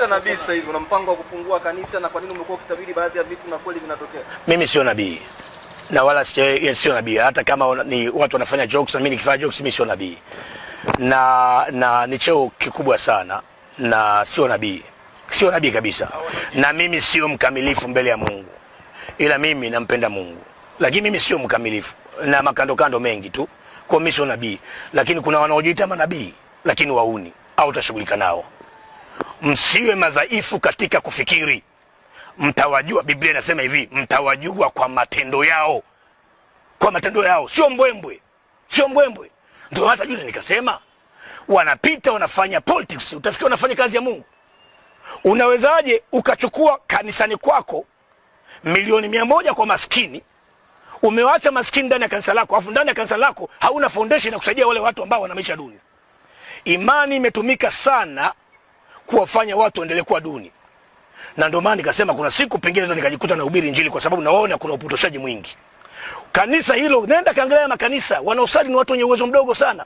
Nabii sasa hivi una mpango wa kufungua kanisa na kwa nini umekuwa ukitabiri baadhi ya vitu na kweli vinatokea? Mimi sio nabii na wala eh, sio nabii, hata kama ni watu wanafanya jokes na mimi nikifanya jokes, mimi sio nabii na na ni cheo kikubwa sana, na sio nabii, sio nabii kabisa, na mimi sio mkamilifu mbele ya Mungu, ila mimi nampenda Mungu, lakini mimi sio mkamilifu na makandokando mengi tu, kwa mimi sio nabii, lakini kuna wanaojiita manabii lakini wauni au utashughulika nao msiwe madhaifu katika kufikiri, mtawajua. Biblia inasema hivi, mtawajua kwa matendo yao, kwa matendo yao, sio mbwembwe, sio mbwembwe. ndo hata juzi nikasema wanapita wanafanya politics, utafikia wanafanya kazi ya Mungu. Unawezaje ukachukua kanisani kwako milioni mia moja kwa maskini, umewacha maskini ndani ya kanisa lako, afu ndani ya kanisa lako hauna foundation ya kusaidia wale watu ambao wana maisha duni. Imani imetumika sana kuwafanya watu waendelee kuwa duni, na ndio maana nikasema kuna siku pengine naweza nikajikuta na ubiri Injili, kwa sababu naona kuna upotoshaji mwingi. Kanisa hilo, nenda kaangalia makanisa, wanaosali ni watu wenye uwezo mdogo sana,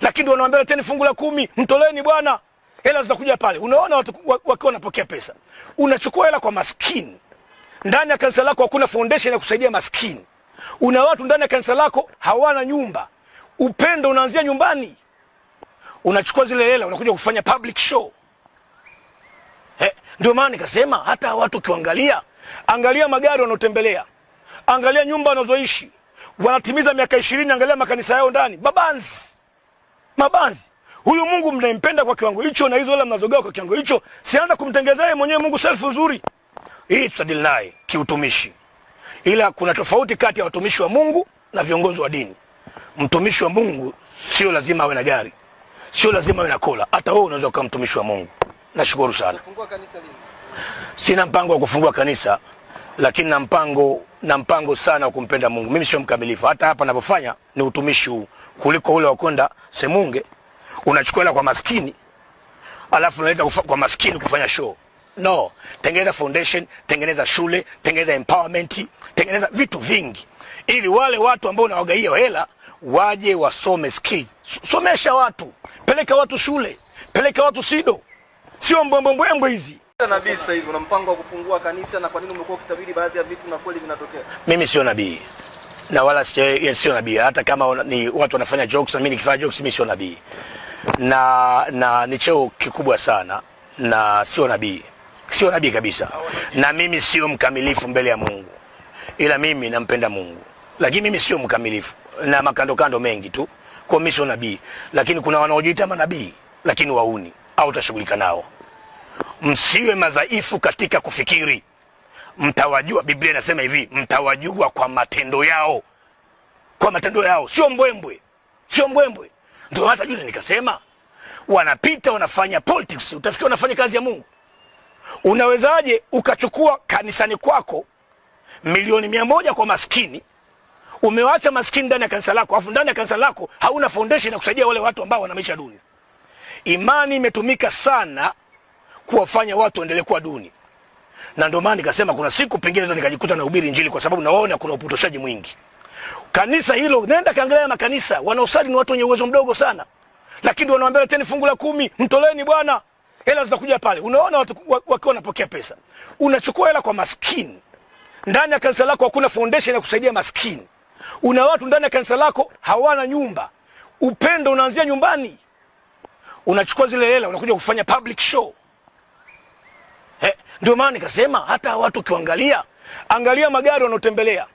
lakini wanawaambia leteni fungu la kumi, mtoleni Bwana, hela zitakuja pale. Unaona watu wakiwa wanapokea pesa, unachukua hela kwa maskini. Ndani ya kanisa lako hakuna foundation ya kusaidia maskini. Una watu ndani ya kanisa lako hawana nyumba. Upendo unaanzia nyumbani. Unachukua zile hela unakuja kufanya public show. Ndio maana nikasema hata watu ukiangalia, angalia magari wanaotembelea, angalia nyumba wanazoishi, wanatimiza miaka ishirini, angalia makanisa yao ndani, mabanzi mabanzi. Huyu Mungu mnayempenda kwa kiwango hicho na hizo wala mnazogaa kwa kiwango hicho, sianza kumtengeneza yeye mwenyewe Mungu selfu nzuri hii, tutadili naye kiutumishi. Ila kuna tofauti kati ya watumishi wa Mungu na viongozi wa dini. Mtumishi wa Mungu sio lazima awe na gari, sio lazima awe na kola. Hata wewe unaweza kuwa mtumishi wa Mungu. Nashukuru sana. Sina mpango wa kufungua kanisa, lakini na mpango na mpango sana wa kumpenda Mungu. Mimi sio mkamilifu, hata hapa ninavyofanya ni utumishi huu kuliko ule wa kwenda Semunge, unachukua hela kwa maskini alafu unaleta kwa maskini kufanya show. No, tengeneza foundation, tengeneza shule, tengeneza empowerment, tengeneza vitu vingi ili wale watu ambao unawagaia hela waje wasome skills. Somesha watu, peleka watu shule, peleka watu SIDO sio mbwembwembwe hizi nabii sasa hivi una mpango wa kufungua kanisa, na kwa nini umekuwa ukitabiri baadhi ya vitu na kweli vinatokea? Mimi sio nabii na wala sio nabii, hata kama ni watu wanafanya jokes na mimi nikifanya jokes, mimi sio nabii na na ni cheo kikubwa sana, na sio nabii, sio nabii kabisa, na mimi sio mkamilifu mbele ya Mungu, ila mimi nampenda Mungu, lakini mimi sio mkamilifu na makando kando mengi tu, kwa mimi sio nabii, lakini kuna wanaojiita manabii lakini wauni au utashughulika nao. Msiwe madhaifu katika kufikiri, mtawajua. Biblia inasema hivi, mtawajua kwa matendo yao, kwa matendo yao, sio mbwembwe, sio mbwembwe. Ndio hata juzi nikasema wanapita wanafanya politics, utafikia wanafanya kazi ya Mungu. Unawezaje ukachukua kanisani kwako milioni mia moja kwa maskini, umewacha maskini ndani ya kanisa lako, afu ndani ya kanisa lako hauna foundation ya kusaidia wale watu ambao wana maisha duni. Imani imetumika sana kuwafanya watu waendelee kuwa duni, na ndio maana nikasema kuna siku pengine ndo nikajikuta na ubiri Injili, kwa sababu naona kuna upotoshaji mwingi. Kanisa hilo, nenda kaangalia makanisa, wanaosali ni watu wenye uwezo mdogo sana, lakini wanawaambia teni fungu la kumi, mtoleni bwana, hela zitakuja pale. Unaona watu wakiwa wanapokea pesa, unachukua hela kwa maskini. Ndani ya kanisa lako hakuna foundation ya kusaidia maskini. Una watu ndani ya kanisa lako hawana nyumba. Upendo unaanzia nyumbani unachukua zile hela unakuja kufanya public show. Ndio maana nikasema hata watu ukiangalia, angalia magari wanaotembelea,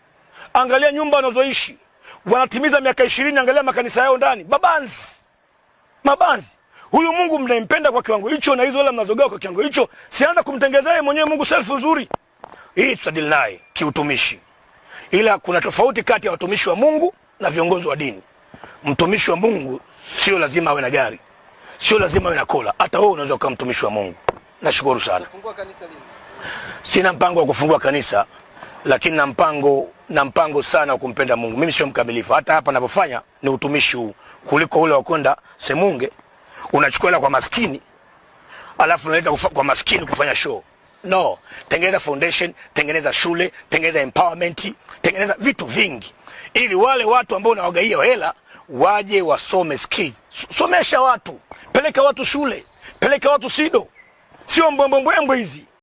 angalia nyumba wanazoishi, wanatimiza miaka ishirini, angalia makanisa yao ndani, babanzi mabanzi. Huyu Mungu mnampenda kwa kiwango hicho, na hizo hela mnazogawa kwa kiwango hicho, sianza kumtengenezea yeye mwenyewe Mungu selfu nzuri. Hii tutadili naye kiutumishi, ila kuna tofauti kati ya watumishi wa Mungu na viongozi wa dini. Mtumishi wa Mungu sio lazima awe na gari sio lazima wewe nakula, hata wewe unaweza kuwa mtumishi wa Mungu. Nashukuru sana. Sina mpango wa kufungua kanisa, lakini na mpango na mpango sana wa kumpenda Mungu. Mimi sio mkamilifu, hata hapa ninavyofanya ni utumishi huu kuliko ule wa kwenda Semunge, unachukua hela kwa maskini alafu unaleta kwa maskini kufanya show. No, tengeneza foundation, tengeneza shule, tengeneza empowerment, tengeneza vitu vingi ili wale watu ambao unawagaia hela waje wasome skills. Somesha watu, peleka watu shule, peleka watu SIDO, sio mbwembwembwembwe hizi.